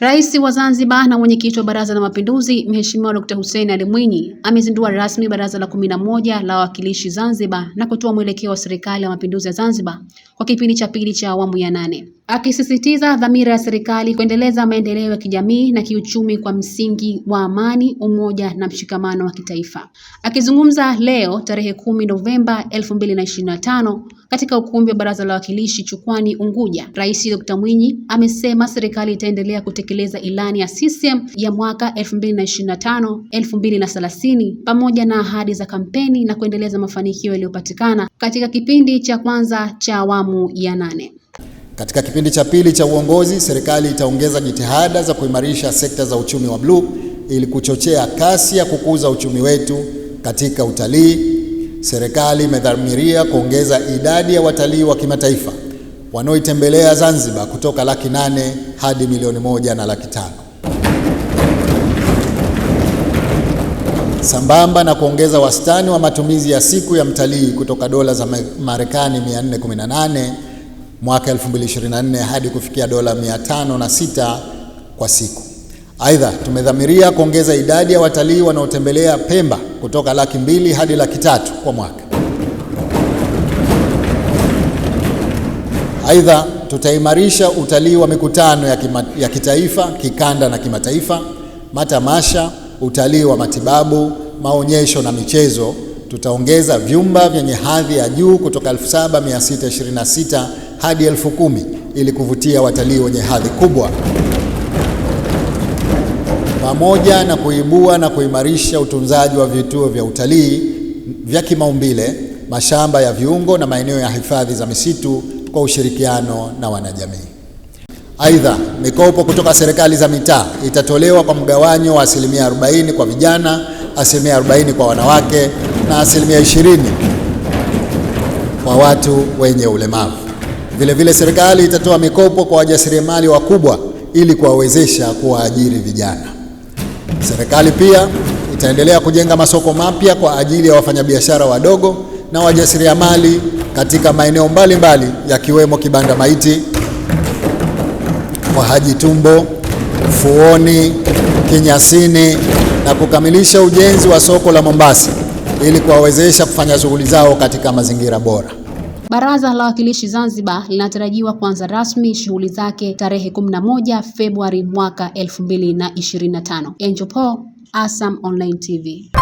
Rais wa Zanzibar na mwenyekiti wa Baraza la Mapinduzi Mheshimiwa dr Hussein Ali Mwinyi amezindua rasmi Baraza la kumi na moja la Wawakilishi Zanzibar na kutoa mwelekeo wa Serikali ya Mapinduzi ya Zanzibar kwa kipindi cha pili cha awamu ya nane akisisitiza dhamira ya serikali kuendeleza maendeleo ya kijamii na kiuchumi kwa msingi wa amani, umoja na mshikamano wa kitaifa. Akizungumza leo tarehe kumi Novemba 2025 na katika ukumbi wa Baraza la Wawakilishi Chukwani, Unguja, Rais Dr. Mwinyi amesema serikali itaendelea kutekeleza ilani ya CCM ya mwaka 2025 2030 na elfu mbili na pamoja na ahadi za kampeni na kuendeleza mafanikio yaliyopatikana katika kipindi cha kwanza cha awamu ya nane. Katika kipindi cha pili cha uongozi, serikali itaongeza jitihada za kuimarisha sekta za uchumi wa bluu ili kuchochea kasi ya kukuza uchumi wetu. Katika utalii, serikali imedhamiria kuongeza idadi ya watalii wa kimataifa wanaoitembelea Zanzibar kutoka laki nane hadi milioni moja na laki tano. Sambamba na kuongeza wastani wa matumizi ya siku ya mtalii kutoka dola za Marekani 418 mwaka 2024 hadi kufikia dola 506 kwa siku. Aidha, tumedhamiria kuongeza idadi ya watalii wanaotembelea Pemba kutoka laki mbili hadi laki tatu kwa mwaka. Aidha, tutaimarisha utalii wa mikutano ya, kima, ya kitaifa, kikanda na kimataifa, matamasha, utalii wa matibabu, maonyesho na michezo. Tutaongeza vyumba vyenye hadhi ya juu kutoka 7626 hadi elfu kumi ili kuvutia watalii wenye hadhi kubwa, pamoja na kuibua na kuimarisha utunzaji wa vituo vya utalii vya kimaumbile, mashamba ya viungo na maeneo ya hifadhi za misitu kwa ushirikiano na wanajamii. Aidha, mikopo kutoka serikali za mitaa itatolewa kwa mgawanyo wa asilimia 40 kwa vijana, asilimia 40 kwa wanawake na asilimia 20 kwa watu wenye ulemavu. Vilevile serikali itatoa mikopo kwa wajasiriamali wakubwa ili kuwawezesha kuwaajiri vijana. Serikali pia itaendelea kujenga masoko mapya kwa ajili ya wafanyabiashara wadogo na wajasiriamali katika maeneo mbalimbali yakiwemo Kibanda Maiti, kwa Haji Tumbo, Fuoni, Kinyasini na kukamilisha ujenzi wa soko la Mombasa ili kuwawezesha kufanya shughuli zao katika mazingira bora. Baraza la Wawakilishi Zanzibar linatarajiwa kuanza rasmi shughuli zake tarehe 11 Februari mwaka 2025. mbili Angel Paul, ASAM Online TV.